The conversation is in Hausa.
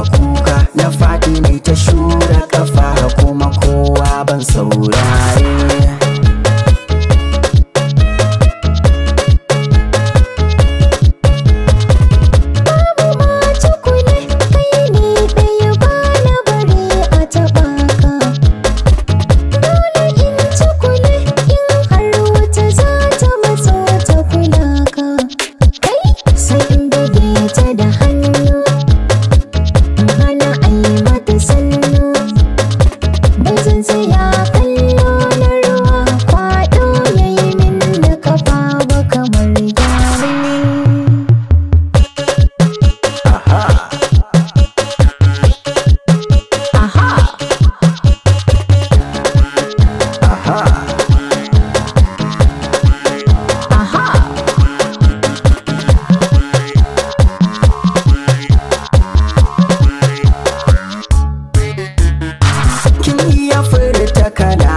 yourself. ya furta takala